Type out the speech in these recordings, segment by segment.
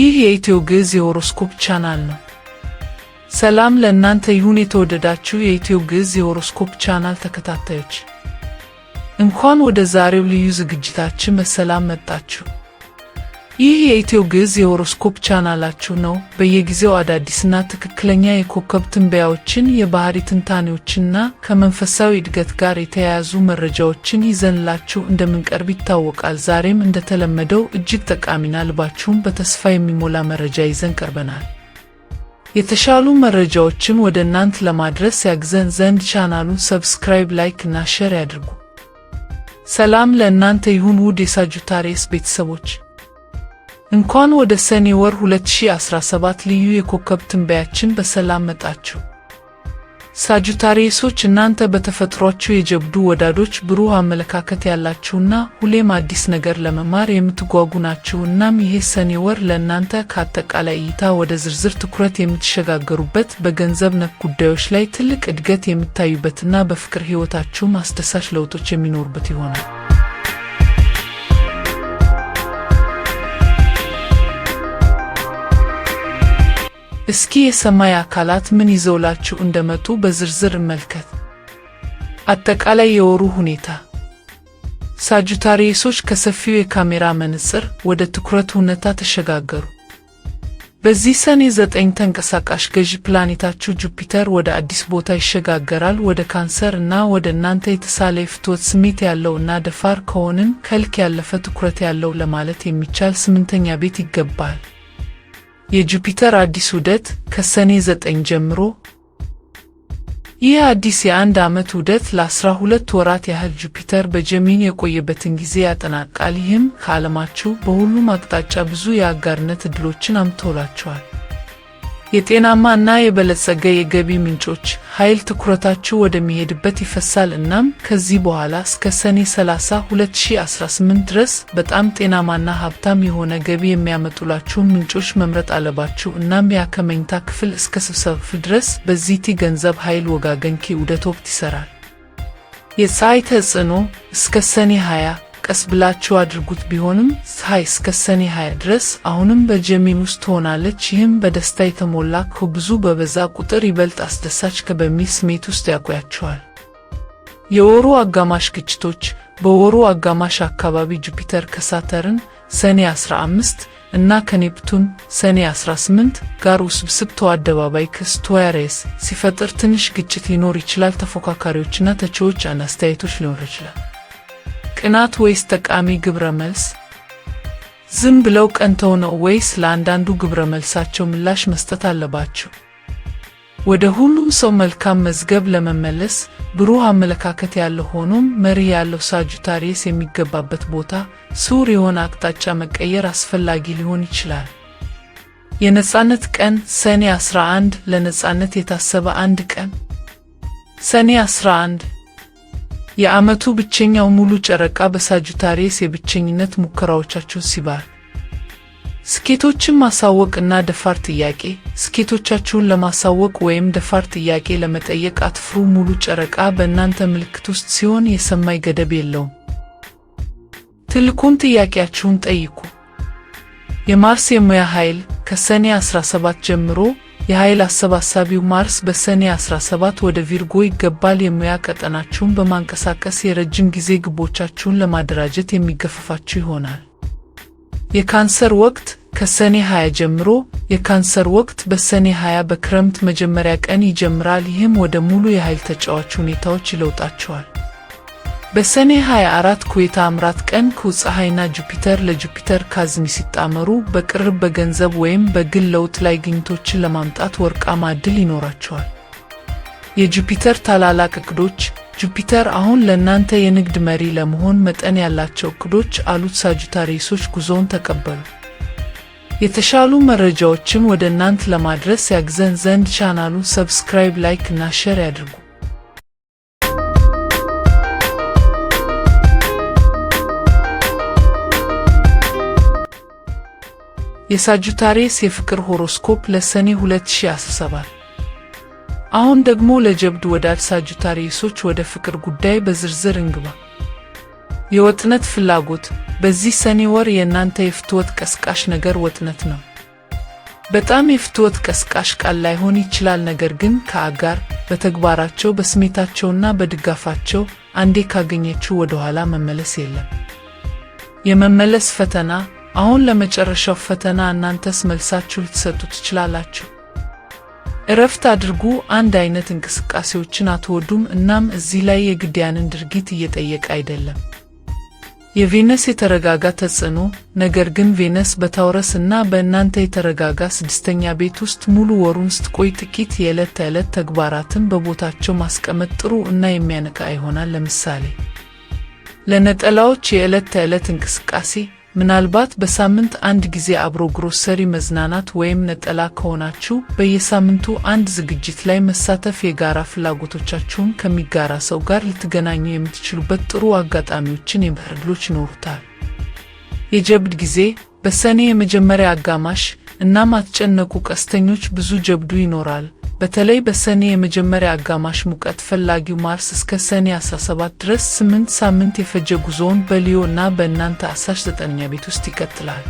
ይህ የኢትዮ ግዕዝ የሆሮስኮፕ ቻናል ነው። ሰላም ለእናንተ ይሁን። የተወደዳችሁ የኢትዮ ግዕዝ የሆሮስኮፕ ቻናል ተከታታዮች እንኳን ወደ ዛሬው ልዩ ዝግጅታችን በሰላም መጣችሁ። ይህ የኢትዮ ግዕዝ የሆሮስኮፕ ቻናላችሁ ነው። በየጊዜው አዳዲስና ትክክለኛ የኮከብ ትንበያዎችን፣ የባህሪ ትንታኔዎችና ከመንፈሳዊ እድገት ጋር የተያያዙ መረጃዎችን ይዘንላችሁ እንደምንቀርብ ይታወቃል። ዛሬም እንደተለመደው እጅግ ጠቃሚና ልባችሁን በተስፋ የሚሞላ መረጃ ይዘን ቀርበናል። የተሻሉ መረጃዎችን ወደ እናንት ለማድረስ ያግዘን ዘንድ ቻናሉን ሰብስክራይብ፣ ላይክ እና ሼር ያድርጉ። ሰላም ለእናንተ ይሁን ውድ የሳጁታሪየስ ቤተሰቦች እንኳን ወደ ሰኔ ወር 2017 ልዩ የኮከብ ትንበያችን በሰላም መጣችሁ። ሳጁታሪየሶች እናንተ በተፈጥሯችሁ የጀብዱ ወዳዶች፣ ብሩህ አመለካከት ያላችሁና ሁሌም አዲስ ነገር ለመማር የምትጓጉ ናችሁ። እናም ይሄ ሰኔ ወር ለእናንተ ከአጠቃላይ እይታ ወደ ዝርዝር ትኩረት የምትሸጋገሩበት፣ በገንዘብ ነክ ጉዳዮች ላይ ትልቅ እድገት የምታዩበትና በፍቅር ሕይወታችሁም አስደሳች ለውጦች የሚኖሩበት ይሆናል። እስኪ የሰማይ አካላት ምን ይዘውላችሁ እንደመጡ በዝርዝር መልከት አጠቃላይ የወሩ ሁኔታ ሳጁታሪየሶች ከሰፊው የካሜራ መነጽር ወደ ትኩረት እውነታ ተሸጋገሩ። በዚህ ሰኔ ዘጠኝ ተንቀሳቃሽ ገዢ ፕላኔታችሁ ጁፒተር ወደ አዲስ ቦታ ይሸጋገራል። ወደ ካንሰር እና ወደ እናንተ የተሳለ የፍትወት ስሜት ያለው እና ደፋር ከሆንን ከልክ ያለፈ ትኩረት ያለው ለማለት የሚቻል ስምንተኛ ቤት ይገባል። የጁፒተር አዲስ ውደት ከሰኔ 9 ጀምሮ። ይህ አዲስ የአንድ ዓመት ውደት ለ12 ወራት ያህል ጁፒተር በጀሚኒ የቆየበትን ጊዜ ያጠናቃል። ይህም ከዓለማችሁ በሁሉም አቅጣጫ ብዙ የአጋርነት ዕድሎችን አምጥቶላችኋል። የጤናማ እና የበለጸገ የገቢ ምንጮች ኃይል ትኩረታችሁ ወደሚሄድበት ይፈሳል። እናም ከዚህ በኋላ እስከ ሰኔ 30 2018 ድረስ በጣም ጤናማና ሀብታም የሆነ ገቢ የሚያመጡላችሁን ምንጮች መምረጥ አለባችሁ። እናም ያ ከመኝታ ክፍል እስከ ስብሰባ ክፍል ድረስ በዚህ ገንዘብ ኃይል ወጋገንኪ ውደት ወቅት ይሰራል። የፀሐይ ተጽዕኖ እስከ ሰኔ 20 ቀስ ብላችሁ አድርጉት። ቢሆንም ፀሐይ እስከ ሰኔ 20 ድረስ አሁንም በጀሚም ውስጥ ትሆናለች። ይህም በደስታ የተሞላ ከብዙ በበዛ ቁጥር ይበልጥ አስደሳች ከበሚል ስሜት ውስጥ ያቆያችኋል። የወሩ አጋማሽ ግጭቶች በወሩ አጋማሽ አካባቢ ጁፒተር ከሳተርን ሰኔ 15 እና ከኔፕቱን ሰኔ 18 ጋር ውስብስብ ተአደባባይ ክስቶያሬስ ሲፈጥር ትንሽ ግጭት ሊኖር ይችላል። ተፎካካሪዎችና ተቺዎች አስተያየቶች ሊኖር ይችላል። ቅናት ወይስ ጠቃሚ ግብረ መልስ? ዝም ብለው ቀንተው ነው ወይስ ለአንዳንዱ ግብረ መልሳቸው ምላሽ መስጠት አለባቸው? ወደ ሁሉም ሰው መልካም መዝገብ ለመመለስ ብሩህ አመለካከት ያለው ሆኖም መርህ ያለው ሳጁታሪየስ የሚገባበት ቦታ ስውር የሆነ አቅጣጫ መቀየር አስፈላጊ ሊሆን ይችላል። የነጻነት ቀን ሰኔ 11 ለነጻነት የታሰበ አንድ ቀን ሰኔ 11 የዓመቱ ብቸኛው ሙሉ ጨረቃ በሳጁታሪየስ የብቸኝነት ሙከራዎቻቸው ሲባል ስኬቶችን ማሳወቅ እና ደፋር ጥያቄ። ስኬቶቻችሁን ለማሳወቅ ወይም ደፋር ጥያቄ ለመጠየቅ አትፍሩ። ሙሉ ጨረቃ በእናንተ ምልክት ውስጥ ሲሆን የሰማይ ገደብ የለውም። ትልቁን ጥያቄያችሁን ጠይቁ። የማርስ የሙያ ኃይል ከሰኔ 17 ጀምሮ የኃይል አሰባሳቢው ማርስ በሰኔ 17 ወደ ቪርጎ ይገባል። የሙያ ቀጠናችሁን በማንቀሳቀስ የረጅም ጊዜ ግቦቻችሁን ለማደራጀት የሚገፋፋችሁ ይሆናል። የካንሰር ወቅት ከሰኔ 20 ጀምሮ የካንሰር ወቅት በሰኔ 20 በክረምት መጀመሪያ ቀን ይጀምራል። ይህም ወደ ሙሉ የኃይል ተጫዋች ሁኔታዎች ይለውጣቸዋል። በሰኔ 24 ኩዌታ አምራት ቀን ኩ ፀሐይና ጁፒተር ለጁፒተር ካዝሚ ሲጣመሩ በቅርብ በገንዘብ ወይም በግል ለውጥ ላይ ግኝቶችን ለማምጣት ወርቃማ ዕድል ይኖራቸዋል። የጁፒተር ታላላቅ እቅዶች ጁፒተር አሁን ለእናንተ የንግድ መሪ ለመሆን መጠን ያላቸው እቅዶች አሉት። ሳጁታሪሶች ጉዞውን ተቀበሉ። የተሻሉ መረጃዎችን ወደ እናንት ለማድረስ ያግዘን ዘንድ ቻናሉን ሰብስክራይብ፣ ላይክ እና ሼር ያድርጉ። የሳጁታሪየስ የፍቅር ሆሮስኮፕ ለሰኔ 2017። አሁን ደግሞ ለጀብድ ወዳጅ ሳጁታሪየሶች ወደ ፍቅር ጉዳይ በዝርዝር እንግባ። የወጥነት ፍላጎት በዚህ ሰኔ ወር የእናንተ የፍትወት ቀስቃሽ ነገር ወጥነት ነው። በጣም የፍትወት ቀስቃሽ ቃል ላይሆን ይችላል፣ ነገር ግን ከአጋር በተግባራቸው በስሜታቸውና በድጋፋቸው አንዴ ካገኘችው ወደኋላ መመለስ የለም። የመመለስ ፈተና አሁን ለመጨረሻው ፈተና እናንተስ መልሳችሁ ልትሰጡ ትችላላችሁ። እረፍት አድርጉ። አንድ አይነት እንቅስቃሴዎችን አትወዱም፣ እናም እዚህ ላይ የግዳያንን ድርጊት እየጠየቀ አይደለም። የቬነስ የተረጋጋ ተጽዕኖ። ነገር ግን ቬነስ በታውረስ እና በእናንተ የተረጋጋ ስድስተኛ ቤት ውስጥ ሙሉ ወሩን ስትቆይ ጥቂት የዕለት ተዕለት ተግባራትን በቦታቸው ማስቀመጥ ጥሩ እና የሚያነቃ ይሆናል። ለምሳሌ ለነጠላዎች የዕለት ተዕለት እንቅስቃሴ ምናልባት በሳምንት አንድ ጊዜ አብሮ ግሮሰሪ መዝናናት ወይም ነጠላ ከሆናችሁ በየሳምንቱ አንድ ዝግጅት ላይ መሳተፍ የጋራ ፍላጎቶቻችሁን ከሚጋራ ሰው ጋር ልትገናኙ የምትችሉበት ጥሩ አጋጣሚዎችን የመህርድሎች ይኖሩታል። የጀብድ ጊዜ በሰኔ የመጀመሪያ አጋማሽ እናም አትጨነቁ፣ ቀስተኞች ብዙ ጀብዱ ይኖራል። በተለይ በሰኔ የመጀመሪያ አጋማሽ ሙቀት ፈላጊው ማርስ እስከ ሰኔ 17 ድረስ 8 ሳምንት የፈጀ ጉዞውን በሊዮ እና በእናንተ አሳሽ ዘጠነኛ ቤት ውስጥ ይቀጥላል።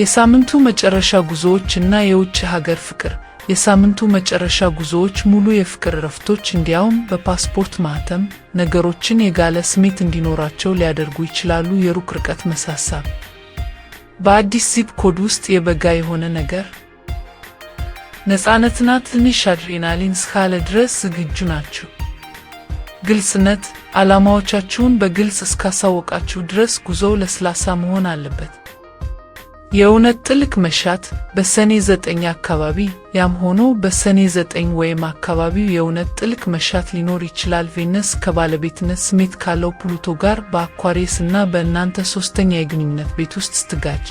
የሳምንቱ መጨረሻ ጉዞዎች እና የውጭ ሀገር ፍቅር የሳምንቱ መጨረሻ ጉዞዎች ሙሉ የፍቅር እረፍቶች እንዲያውም በፓስፖርት ማህተም ነገሮችን የጋለ ስሜት እንዲኖራቸው ሊያደርጉ ይችላሉ። የሩቅ ርቀት መሳሳብ በአዲስ ዚፕ ኮድ ውስጥ የበጋ የሆነ ነገር ነፃነትና ትንሽ አድሬናሊን እስካለ ድረስ ዝግጁ ናችሁ። ግልጽነት ዓላማዎቻችሁን በግልጽ እስካሳወቃችሁ ድረስ ጉዞው ለስላሳ መሆን አለበት። የእውነት ጥልቅ መሻት በሰኔ ዘጠኝ አካባቢ ያም ሆኖ በሰኔ ዘጠኝ ወይም አካባቢው የእውነት ጥልቅ መሻት ሊኖር ይችላል። ቬነስ ከባለቤትነት ስሜት ካለው ፕሉቶ ጋር በአኳሪየስ እና በእናንተ ሶስተኛ የግንኙነት ቤት ውስጥ ስትጋጭ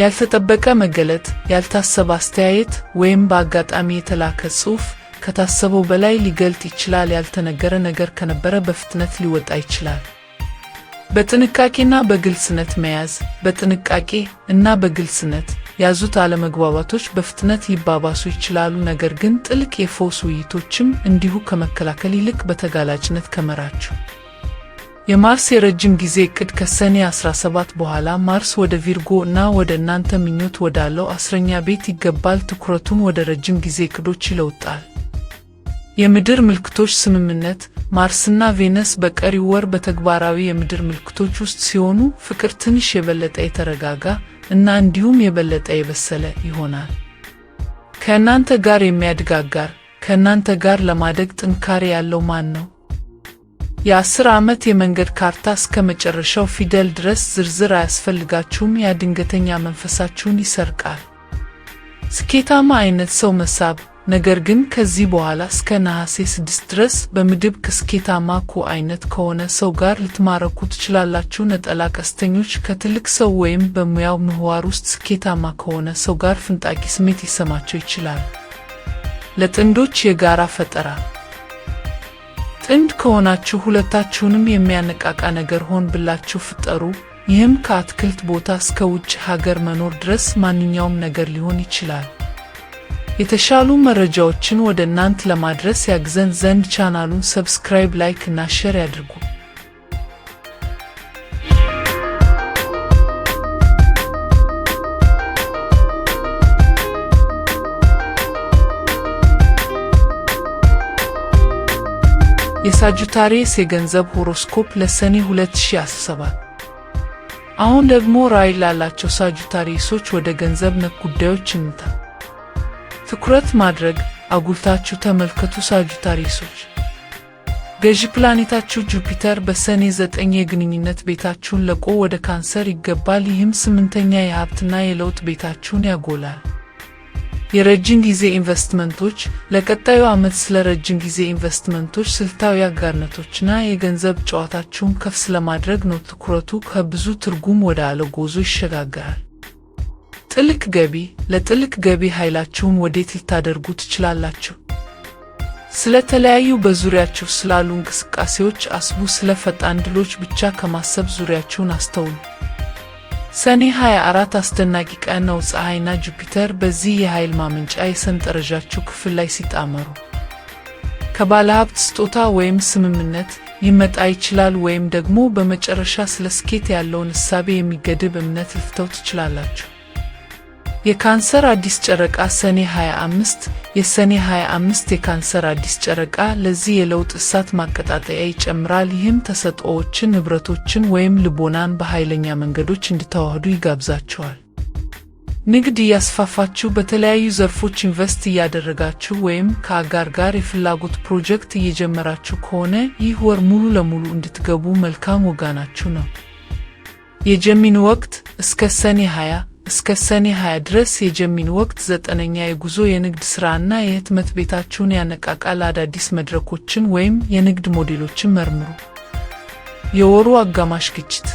ያልተጠበቀ መገለጥ፣ ያልታሰበ አስተያየት ወይም በአጋጣሚ የተላከ ጽሑፍ ከታሰበው በላይ ሊገልጥ ይችላል። ያልተነገረ ነገር ከነበረ በፍጥነት ሊወጣ ይችላል። በጥንቃቄና በግልጽነት መያዝ። በጥንቃቄ እና በግልጽነት ያዙት። አለመግባባቶች በፍጥነት ሊባባሱ ይችላሉ፣ ነገር ግን ጥልቅ የፎስ ውይይቶችም እንዲሁ ከመከላከል ይልቅ በተጋላጭነት ከመራችሁ የማርስ የረጅም ጊዜ እቅድ ከሰኔ 17 በኋላ ማርስ ወደ ቪርጎ እና ወደ እናንተ ምኞት ወዳለው አስረኛ ቤት ይገባል። ትኩረቱን ወደ ረጅም ጊዜ እቅዶች ይለውጣል። የምድር ምልክቶች ስምምነት ማርስና ቬነስ በቀሪው ወር በተግባራዊ የምድር ምልክቶች ውስጥ ሲሆኑ ፍቅር ትንሽ የበለጠ የተረጋጋ እና እንዲሁም የበለጠ የበሰለ ይሆናል። ከእናንተ ጋር የሚያድግ አጋር ከእናንተ ጋር ለማደግ ጥንካሬ ያለው ማን ነው? የአስር ዓመት የመንገድ ካርታ እስከ መጨረሻው ፊደል ድረስ ዝርዝር አያስፈልጋችሁም። ያ ድንገተኛ መንፈሳችሁን ይሰርቃል። ስኬታማ አይነት ሰው መሳብ ነገር ግን ከዚህ በኋላ እስከ ነሐሴ ስድስት ድረስ በምድብ ከስኬታማ ኩ አይነት ከሆነ ሰው ጋር ልትማረኩ ትችላላችሁ። ነጠላ ቀስተኞች ከትልቅ ሰው ወይም በሙያው ምህዋር ውስጥ ስኬታማ ከሆነ ሰው ጋር ፍንጣቂ ስሜት ሊሰማቸው ይችላል። ለጥንዶች የጋራ ፈጠራ ጥንድ ከሆናችሁ ሁለታችሁንም የሚያነቃቃ ነገር ሆን ብላችሁ ፍጠሩ። ይህም ከአትክልት ቦታ እስከ ውጭ ሀገር መኖር ድረስ ማንኛውም ነገር ሊሆን ይችላል። የተሻሉ መረጃዎችን ወደ እናንት ለማድረስ ያግዘን ዘንድ ቻናሉን ሰብስክራይብ፣ ላይክ እና ሼር ያድርጉ። የሳጁታሪየስ የገንዘብ ሆሮስኮፕ ለሰኔ 2017። አሁን ደግሞ ራዕይ ላላቸው ሳጁታሪየሶች ወደ ገንዘብ ነክ ጉዳዮች እንታ ትኩረት ማድረግ አጉልታችሁ ተመልከቱ። ሳጁታሪየሶች ገዢ ፕላኔታችሁ ጁፒተር በሰኔ 9 የግንኙነት ቤታችሁን ለቆ ወደ ካንሰር ይገባል። ይህም ስምንተኛ የሀብትና የለውጥ ቤታችሁን ያጎላል። የረጅም ጊዜ ኢንቨስትመንቶች ለቀጣዩ ዓመት ስለ ረጅም ጊዜ ኢንቨስትመንቶች ስልታዊ አጋርነቶችና የገንዘብ ጨዋታችሁን ከፍ ስለማድረግ ነው። ትኩረቱ ከብዙ ትርጉም ወደ አለ ይሸጋገራል። ጥልቅ ገቢ ለጥልቅ ገቢ ኃይላችሁን ወዴት ልታደርጉ ትችላላችሁ? ስለተለያዩ በዙሪያችሁ ስላሉ እንቅስቃሴዎች አስቡ። ስለ ፈጣን ድሎች ብቻ ከማሰብ ዙሪያችሁን አስተውሉ። ሰኔ 24 አስደናቂ ቀን ነው። ፀሐይና ጁፒተር በዚህ የኃይል ማመንጫ የሰንጠረዣቸው ክፍል ላይ ሲጣመሩ ከባለሀብት ስጦታ ወይም ስምምነት ሊመጣ ይችላል፣ ወይም ደግሞ በመጨረሻ ስለ ስኬት ያለውን እሳቤ የሚገድብ እምነት ልፍተው ትችላላችሁ። የካንሰር አዲስ ጨረቃ ሰኔ 25 የሰኔ 25 የካንሰር አዲስ ጨረቃ ለዚህ የለውጥ እሳት ማቀጣጠያ ይጨምራል። ይህም ተሰጥኦዎችን፣ ንብረቶችን ወይም ልቦናን በኃይለኛ መንገዶች እንዲተዋህዱ ይጋብዛቸዋል። ንግድ እያስፋፋችሁ፣ በተለያዩ ዘርፎች ኢንቨስት እያደረጋችሁ ወይም ከአጋር ጋር የፍላጎት ፕሮጀክት እየጀመራችሁ ከሆነ ይህ ወር ሙሉ ለሙሉ እንድትገቡ መልካም ወጋናችሁ ነው። የጀሚን ወቅት እስከ ሰኔ 20 እስከ ሰኔ 20 ድረስ የጀሚን ወቅት ዘጠነኛ የጉዞ የንግድ ስራና የህትመት ቤታችሁን ያነቃቃል። አዳዲስ መድረኮችን ወይም የንግድ ሞዴሎችን መርምሩ። የወሩ አጋማሽ ግጭት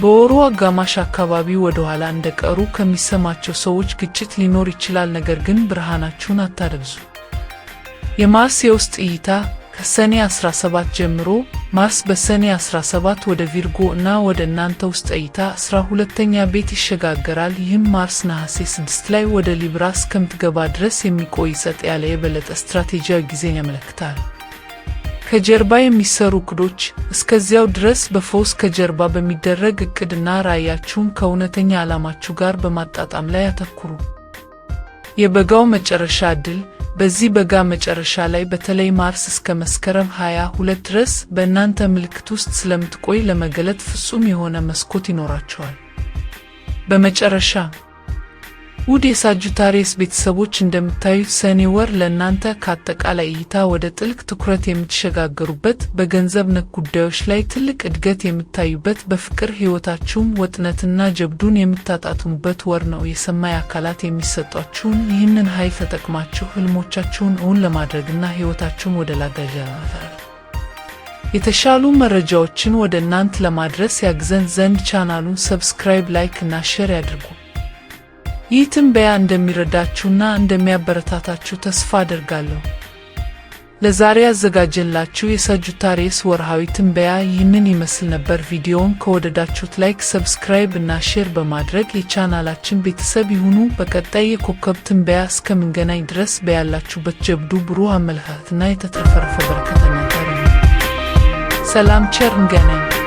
በወሩ አጋማሽ አካባቢ ወደ ኋላ እንደቀሩ ከሚሰማቸው ሰዎች ግጭት ሊኖር ይችላል፣ ነገር ግን ብርሃናችሁን አታደብዙ። የማርስ የውስጥ እይታ ከሰኔ 17 ጀምሮ ማርስ በሰኔ 17 ወደ ቪርጎ እና ወደ እናንተ ውስጥ እይታ 12 ሁለተኛ ቤት ይሸጋገራል። ይህም ማርስ ነሐሴ 6 ላይ ወደ ሊብራ እስከምትገባ ድረስ የሚቆይ ጸጥ ያለ የበለጠ ስትራቴጂያዊ ጊዜን ያመለክታል። ከጀርባ የሚሰሩ እቅዶች እስከዚያው ድረስ በፈውስ ከጀርባ በሚደረግ እቅድና ራዕያችሁን ከእውነተኛ ዓላማችሁ ጋር በማጣጣም ላይ ያተኩሩ። የበጋው መጨረሻ ዕድል በዚህ በጋ መጨረሻ ላይ በተለይ ማርስ እስከ መስከረም 22 ድረስ በእናንተ ምልክት ውስጥ ስለምትቆይ ለመገለጥ ፍጹም የሆነ መስኮት ይኖራቸዋል። በመጨረሻ ውድ የሳጁታሪየስ ቤተሰቦች እንደምታዩት ሰኔ ወር ለእናንተ ከአጠቃላይ እይታ ወደ ጥልቅ ትኩረት የምትሸጋገሩበት፣ በገንዘብ ነክ ጉዳዮች ላይ ትልቅ እድገት የምታዩበት፣ በፍቅር ህይወታችሁም ወጥነትና ጀብዱን የምታጣጥሙበት ወር ነው። የሰማይ አካላት የሚሰጧችሁን ይህንን ኃይል ተጠቅማችሁ ህልሞቻችሁን እውን ለማድረግና ህይወታችሁም ወደ ላጋዣ የተሻሉ መረጃዎችን ወደ እናንት ለማድረስ ያግዘን ዘንድ ቻናሉን ሰብስክራይብ፣ ላይክ እና ሼር ያድርጉ። ይህ ትንበያ እንደሚረዳችሁና እንደሚያበረታታችሁ ተስፋ አደርጋለሁ። ለዛሬ ያዘጋጀላችሁ የሳጁታሪየስ ወርሃዊ ትንበያ ይህንን ይመስል ነበር። ቪዲዮውን ከወደዳችሁት ላይክ፣ ሰብስክራይብ እና ሼር በማድረግ የቻናላችን ቤተሰብ ይሁኑ። በቀጣይ የኮከብ ትንበያ እስከምንገናኝ ድረስ በያላችሁበት ጀብዱ፣ ብሩህ አመለካከትና የተትረፈረፈ በረከት ሰላም፣ ቸር እንገናኝ።